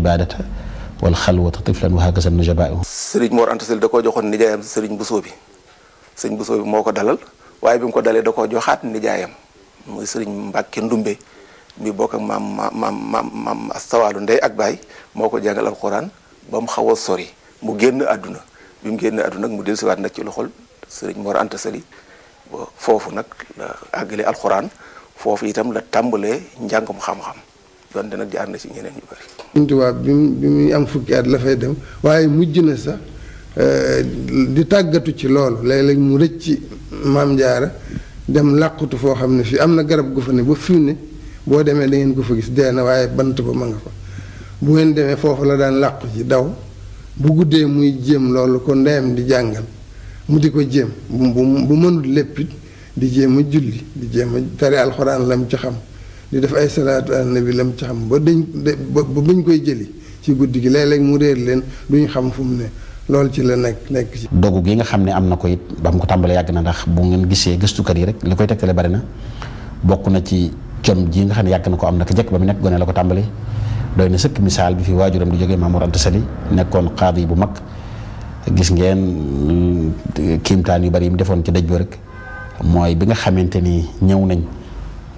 ibadata wal xalwata tiflan wa hakaza najabaahu sëriñ Mor Anta Sali da koo joxoon nijaayam sëriñ Bousso bi sëriñ Bousso bi moo ko dalal waaye bi mu ko dalee da koo joxaat nijaayam muy sëriñ Mbàkke Ndumbe mi bokk ak maam maam maam maam astawaalu ndey ak baay moo ko jàngal alxuraan ba mu xaw a sori mu génn àdduna bi mu génn àdduna mu dellusiwaat nag ci loxol sëriñ Mor Anta Sali foofu nag la alxuraan foofu itam la tàmbalee njàngum xam-xam donte nag jaar na ci ñeneen ñu bëri. bi muy am fukki at la fay dem waaye mujj na sax euh, di tàggatu ci loolu léeg-léeg mu rëcc maam jaara dem làqutu foo xam ne fii am na garab gu fa ne ba fi ne boo demee da ngeen ko fa gis dee na waaye bant ba ma nga fa bu ngeen demee foofu la daan làqu ci daw bu guddee muy jéem loolu ko ndeyam di jàngal mu di ko jéem bu bu mënut lépp di jéem a julli di jéem a tari alxuraan la mu ci xam. di def ay salaatu ala nabi lam ci xam ba dañ ba ba ñu koy jëli ci guddi gi léeg-léeg mu réer leen duñu xam fu mu ne lool ci la nekk nekk ci. dogu gi nga xam ne am na ko it ba mu ko tàmbalee yàgg na ndax bu ngeen gisee gëstu kër yi rek li koy tegtale bari na bokk na ci com ji nga xam ne yàgg na ko am na ko jëkk ba mu nekk gone la ko tàmbalee doy na sëkk misaal bi fi waajuram di jógee Mamour Anta Sali nekkoon yi bu mag gis ngeen kiimtaan yu bari yi defoon ci dëj ba rek mooy bi nga xamante ni ñëw nañ.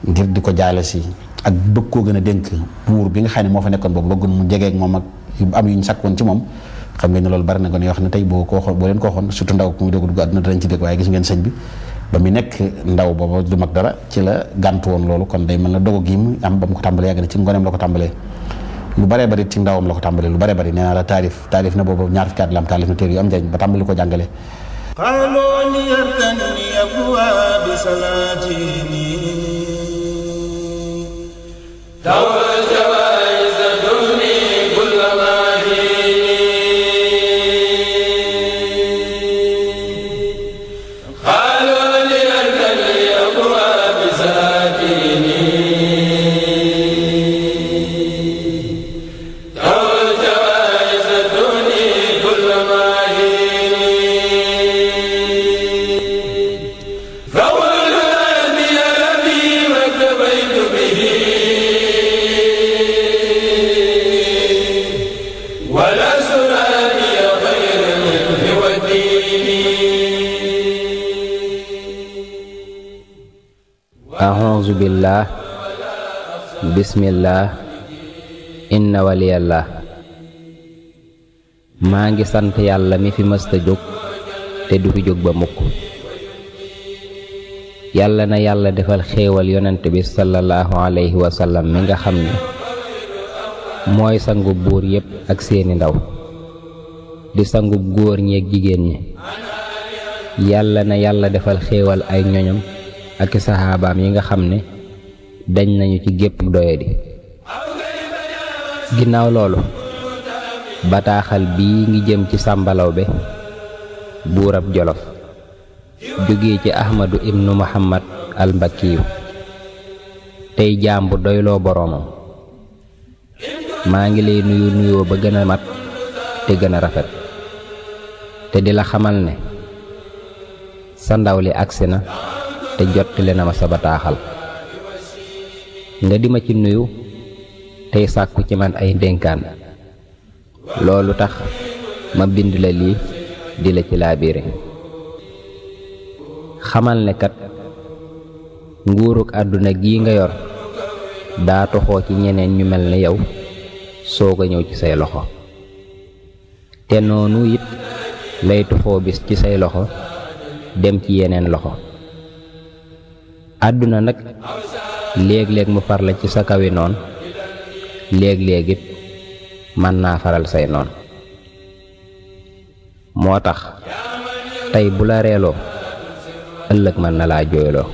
ngir di ko jaale si ak bëgg koo gën a dénk buur bi nga xam ne moo fa nekkoon boobu bëggoon mu jegeeg moom ak yu am yu ñu sakkoon ci moom xam ngeen ne loolu bari na ko ne yoo xam ne tey boo ko waxoon boo leen ko waxoon surtout ndaw ku muy doog a dugg ci dara ci la gàntu woon loolu kon day mel na dogo gi mu am ba mu ko tàmbalee yàgg na ci ngoneem la ko tàmbalee lu baree bari ci ndawam la ko tàmbalee lu baree bari nee naa la taarif taarif na boobu ñaar fukki at am taarif na téere yu am njëriñ daw auzu billah bismillah inna waliyallah maa ngi sant yàlla mi fi mësta jóg te du fi jóg ba mukk yàlla na yàlla defal xéewal yonent bi sallallahu alayhi wa mi nga xam ne mooy sangu buur yépp ak seeni ndaw di sangu góor ñee jigéen ñi yàlla na yàlla defal xéewal ay ñoñam ak saxaabaam yi nga xam ne dañ nañu ci gépp doyadi ginnaaw loolu bataaxal bii ngi jëm ci sàmbalaw be buurab jolof jóge ci ahmadu ibnu muhammad al tey jaam bu doyloo boroomam maa ngi lay nuyu nuyoo ba gën a mat te gën a rafet te di la xamal ne sa ndaw li agsi na te jottali na ma sa bataaxal nga di ma ci nuyu tey sàkku ci man ay dénkaan loolu tax ma bind la lii di la ci laabiire xamal ne kat nguuruk àdduna gii nga yor daa toxoo ci ñeneen ñu mel ne yow soog ñëw ci say loxo te noonu it lay tuxoo bis ci say loxo dem ci yeneen loxo àdduna nag léeg-léeg mu far la ci sa kawi noon léeg léegi it mën naa faral say noon moo tax tey bu la reeloo ëllëg mën na laa jooyloo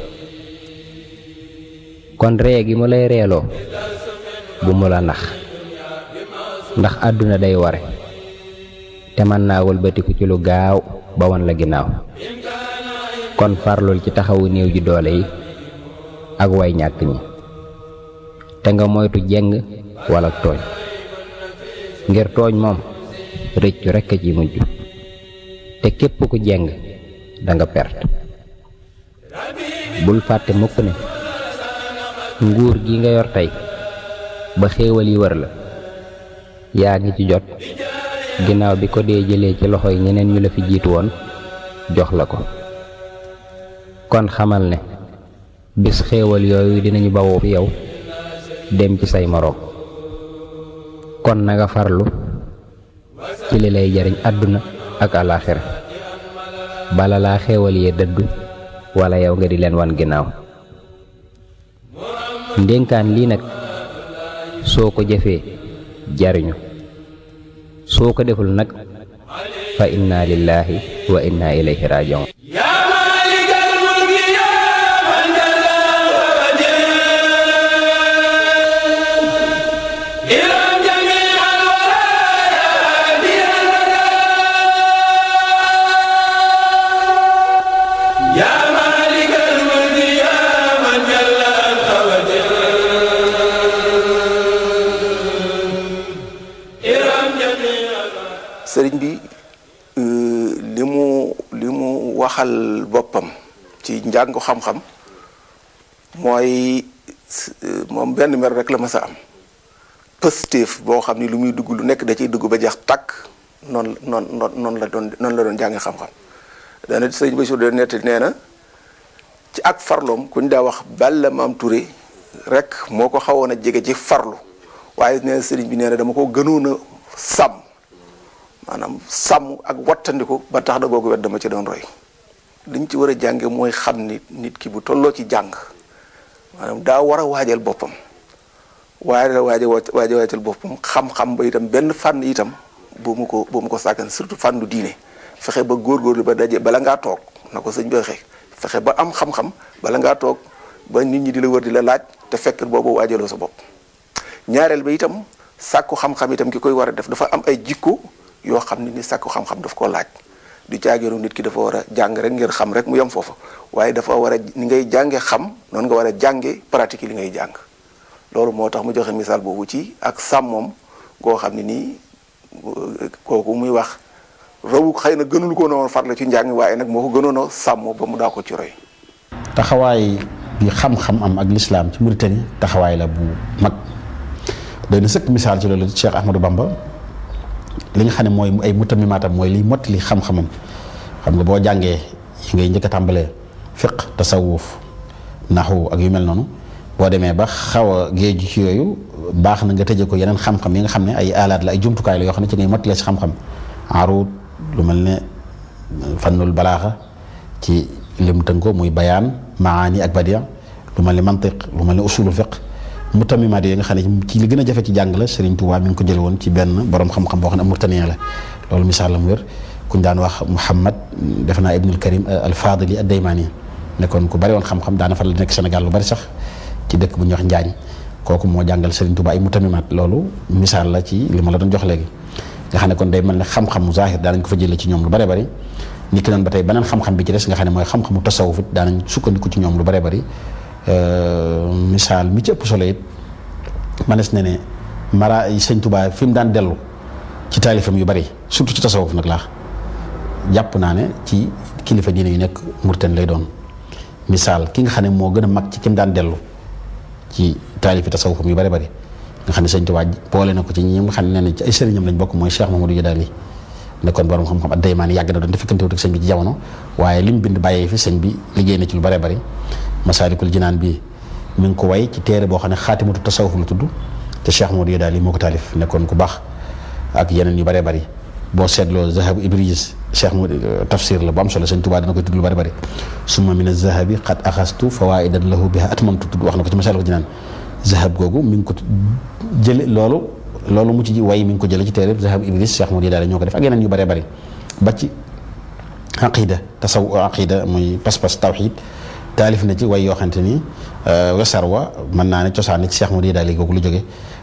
kon ree gi mu lay reeloo bu mu la nax ndax àdduna day ware te mën naa walbatiku ci lu gaaw ba wan la ginnaaw kon farlul ci taxawu néew ji doole yi ak way ñàkk ñi te nga moytu jëng wala tooñ ngir tooñ moom rëccu rekk a ci mujj te képp ku jëng danga nga bul fàtte mukk ne nguur gi nga yor tey ba xéewal yi wër la yaa ngi ci jot ginnaaw bi ko dee jëlee ci loxo yi ñeneen ñu la fi jiitu woon jox la ko kon xamal ne bis xeewal yooyu dinañu bawoo fi yow dem ci say moroom kon na nga farlu ci li lay jariñ àdduna ak alaaxira bala laa xéewal yee dëddu walla yow nga di leen wan ginnaaw ndénkaan lii nag soo ko jëfee jariñu soo ko deful nag fa inna lillahi wa inna ilayhi rajiun al boppam ci njàngu xam-xam mooy moom benn mer rek la ma sa am pëstéef boo xam ni lu muy dugg lu nekk da ciy dugg ba jeex takk noonu noon noon noonu la doon noonu la doon jànge xam-xam dana ba Bachir de nettali nee na ci ak farloom ku ñu daa wax Balla Maam Touré rek moo ko xawoon a jege ci farlu waaye nee sëriñ bi nee na dama ko gënoon a sàmm maanaam sàmm ak wattandiku ba tax da googu wet dama ci doon roy dañu ci war a jànge mooy xam ni nit ki bu tolloo ci jàng maanaam daa war a waajal boppam waaye la waaja waaja waajal boppam xam-xam ba itam benn fànn itam boo mu ko boo ko sàggan surtout fànnu diine fexe ba góorgóorlu ba daje bala ngaa toog na ko sëñ bi waxee fexe ba am xam-xam bala ngaa toog ba nit ñi di la wër di la laaj te fekk boobu waajaloo sa bopp ñaareel ba itam sàkku xam-xam itam ki koy war a def dafa am ay jikko yoo xam ne ni sàkku xam-xam daf koo laaj du caageeru nit ki dafa war a jàng rek ngir xam rek mu yem foofa waaye dafa war a ni ngay jànge xam noonu nga war a jànge pratique li ngay jàng loolu moo tax mu joxe misaal boobu ci ak sàmmoom koo xam ne nii kooku muy wax rawu xëy na gënul ko noonu la ci njàng waaye nag moo ko gënoon a sàmm ba mu daa ko ci roy taxawaay bi xam-xam am ak lislaam ci Mauritanie taxawaay la bu mag doy na sëkk misaal ci loolu Cheikh Ahmadou Bamba li nga xam ne mooy ay mutamimaatam mooy liy mott li xam-xamam xam nga boo jàngee yi ngay njëkk a tàmbalee fiq tasawuf naxu ak yu mel noonu boo demee ba xaw a géeju ci yooyu baax na nga tëjee ko yeneen xam-xam yi nga xam ne ay alaat la ay jumtukaay la yoo xam ne ci ngay mottalee si xam-xam aruut lu mel ne fannul balaaxa ci lim tënko muy bayaan maani ak badia lu mel ni mantiq lu mel ni usulu fiq mu tamimaat yi nga xam ne ci li gën a jafe ci jàng la Serigne Touba mi ngi ko jële woon ci benn borom xam-xam boo xam ne loolu misaal la mu wér daan wax Mouhamad def naa Ibnul Karim euh, al Fadili ad Daymani nekkoon ku bari woon xam-xam daana faral nekk Sénégal lu bari sax ci dëkk bu ñuy wax Njaañ kooku moo jàngal Serigne Touba ay mu loolu misaal la ci li ma la doon jox léegi nga xam ne kon day mel ne xam-xamu fa jële ci ñoom lu bari bari niki noonu ba tey beneen xam-xam bi ci des nga xam ne mooy xam-xamu tasawuf it daanañ sukkandiku ci ñoom lu bari bari Euh, misaal mi ci ëpp solo it manes ne ne mara sëñ Tuubaa fi mu daan dellu ci taalifam yu bari surtout ci tasawuf nag laa jàpp naa ne ci kilifa diine yu nekk murten lay doon misaal ki nga xam ne moo gën a mag ci ki mu daan dellu ci taalifi tasawufam yu bari bari nga xam ne sëñ Tuubaa boole na ko ci ñi nga xam ne nee na ci ay sëriñam lañ bokk mooy Cheikh Mamadou Jadaali nekkoon borom xam-xam ak daymaan yàgg na doon te fekkante wut ak sëñ bi ci jamono waaye li mu bind bàyyee fi sëñ bi liggéey na ci lu bare bari masaalikul jinaan bi mi ngi ko way ci téere boo xam ne xaatimatu tasawuf la tudd te Cheikh Modou Yadaali moo ko taalif nekkoon ku baax ak yeneen yu bare bari boo seetloo zahabu ibris Cheikh Modou euh, tafsir la bu am solo sëñ Tuubaa dana koy tudd lu bare bari summa min az-zahabi qad axastu fawaidan lahu biha atmamtu tudd wax na ko ci masaalikul jinaan zahab googu mi ngi ko jële loolu loolu mu ci way mi ngi ko jëlee ci téereb zahab iblis cheikh modi daal ñoo ko def ak yeneen yu bëree bëri ba ci aqida tasaw aqida muy pas-pas tawxid taalif na ci way yoo xamante ni euh, wesar wa mën naa ne cosaan ci cheikh modi daal googu lu jóge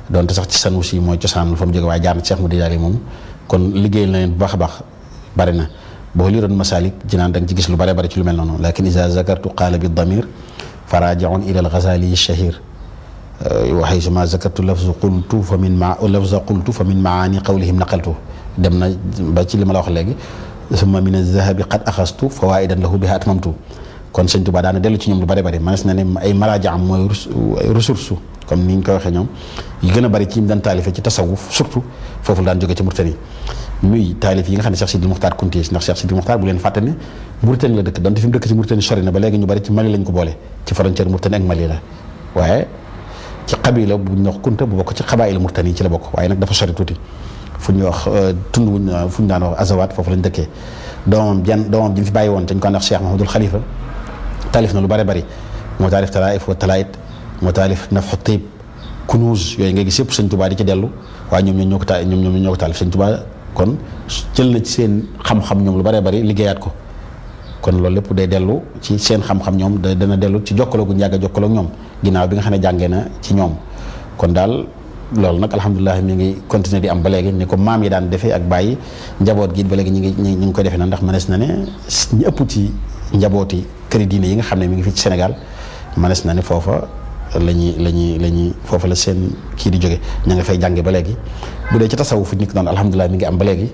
donte sax ci sanuusi mooy cosaan fa mu jóge waaye jaar na ci cheikh modi daal moom kon liggéey na leen bu baax a baax bari na boo li doon masalik jinaan da nga ci gis lu bëree bëri ci lu mel noonu lakin iza zakartu qaala bi damir farajiun ila al ghazali shahir Euh, waxee je ma zakartu lafza qultu fa min ma lafza na ba ci li ma la wax léegi summa min azahabi qad axastu fawaidan kon sëñ Tuba daana dellu ci ñoom lu bari bari comme ni ñu ko waxee ñoom yi gën a bari ci ñu daan taalifé ci tasawuf surtout foofu la daan jóge ci Murtani muy taalif yi nga xam ne Cheikh leen fàtte ne Murtani la dëkk donte fi dëkk ci Murtani sori na ba léegi ñu bari ci Mali lañ ko boole ci frontière Murtani ak Mali la ci xabila bu ñu wax kunta bu bokk ci xabaayil murtani ci la bokk waaye nag dafa sori tuuti fu ñu wax euh, tund wuñ euh, fu ñu daan wax azawaat foofu lañ dëkkee doomam jan doomam ji fi bàyyi woon dañ ko wax Cheikh Mahamadul Xalifa taalif na lu bare bari moo taalif talaayif wa talaayit moo taalif nafxu tib kunuuz yooyu nga gis yëpp sëñ Tuubaa di ci dellu waaye ñoom ñoo ñoo ko taal ñoom ñoom ñoo ko taalif sëñ Tuubaa kon jël na ci seen xam-xam ñoom lu bari bari liggéeyaat ko kon loolu lépp day dellu ci seen xam-xam ñoom dana dellu ci jokkaloo gu njàgg jokkaloo ñoom ginnaaw bi nga xam ne jàngee na ci ñoom kon daal loolu nag alhamdulilah mi ngi continuer di am ba léegi ni ko maam yi daan defee ak bàyyi njaboot gi ba léegi ñu ngi ñu ngi koy defee na ndax mënees na ne ëpp ci njabooti këri diine yi nga xam ne mi ngi fii ci Sénégal mënees na ne foofa la ñuy la ñuy la ñuy foofa la seen kii di jóge ña nga fay jànge ba léegi bu dee ci tasawuf ñu ko doon alhamdulilah mi ngi am ba léegi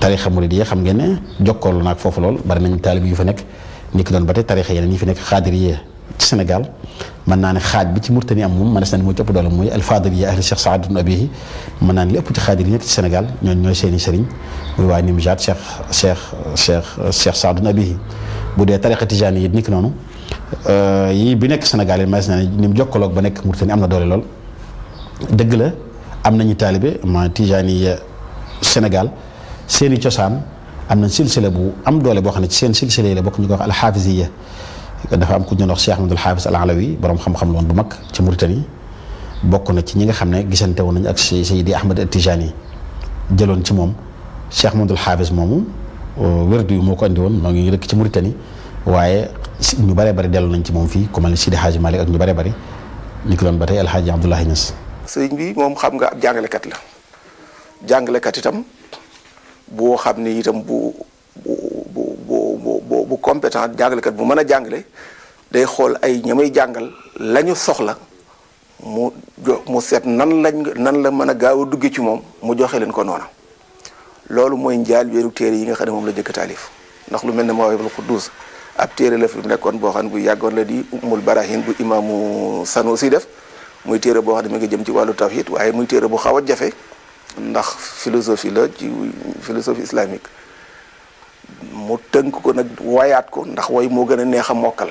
tarixa murid yi xam ngeen ne jokkoolu naag foofu lool bari nañ taalib yu fa nekk ni ko doon ba tey tarixa yeneen yi fi nekk xaadir yi ci senegal mën naa ne xaaj bi ci Murtani am moom mënees na ne moo ci ëpp doole mooy alfadil yi ahli Cheikh Saad Abihi mën naa ni li ëpp ci xaaj bi nekk ci Sénégal ñoon ñooy seeni sëriñ muy waa Nimjaat Cheikh Cheikh Cheikh Cheikh Saad ibn Abihi bu dee tariqa tijaani yi nikk noonu euh, yi bi nekk senegal yi mënees na ne ni mu jokkaloog ba nekk Murtani am na doole lool dëgg la am nañu taalibe ma tijaani Sénégal seeni cosaan am nañ silsila bu am doole boo xam ne ci seen silsila yi bokk ñu ko wax dafa am ku ñu wax Cheikh Ahmadul Haafis al Alawi borom xam-xam loon bu mag ci Mauritanie bokk na ci ñi nga xam ne gisante woon nañu ak Seydi Ahmad At-Tijani jëloon ci moom Cheikh Ahmadul Haafis moomu euh, wérdu yu moo ko woon moo ngi rëkk ci Mauritanie waaye ñu bare bari dellu nañ ci moom fii ku mel ne Sidi Hadj ak ñu bare bari ni ko doon ba tey El Hadj Abdoulaye Niass. sëriñ bi moom xam nga ab jàngalekat la jàngalekat itam boo xam ne itam bu. compétent jàngalekat bu mën a jàngale day xool ay ñamay jàngal lañu soxla mu jo mu seet nan lañ nan la mën a gaaw a dugge ci moom mu joxe leen ko noona loolu mooy njaal weeru téere yi nga xam ne moom la jëkk taalif ndax lu mel ne Mawaahibul Quddus ab téere la fi mu nekkoon boo xam ne bu yàggoon la di Ummul Barahin bu imaamu Sanusi def muy téere boo xam ne mi ngi jëm ci wàllu tawhid waaye muy téere bu xaw a jafe ndax philosophie la ci philosophie islamique mu tënk ko nag wayaat ko ndax way moo gën a neex a mokkal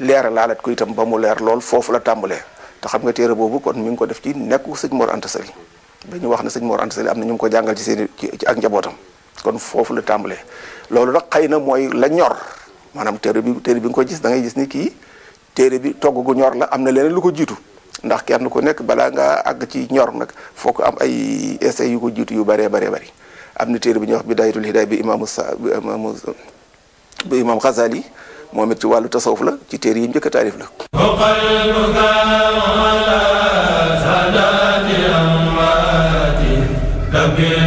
leera laalat ko itam ba mu leer lool foofu la tàmbalee te xam nga téere boobu kon mi ngi ko def ci nekku sëñ Mor Anta Sali dañu wax ne sëñ Mor Anta am na ñu ngi ko jàngal ci seen ci ak njabootam kon foofu la tàmbalee loolu nag xëy na mooy la ñor maanaam téere bi téere bi nga ko gis da ngay gis ni kii téere bi togg gu ñor la am na leneen lu ko jiitu ndax kenn ko nekk balaa nga àgg ci ñor nag foo ko am ay essais yu ko jiitu yu baree baree bari am na téere bi ñuy wax bidaayatul hidaaya bi imaamu sa bi imaamu bi imaam Xasaali moom it ci wàllu tasawuf la ci téere yi njëkk a taarif la.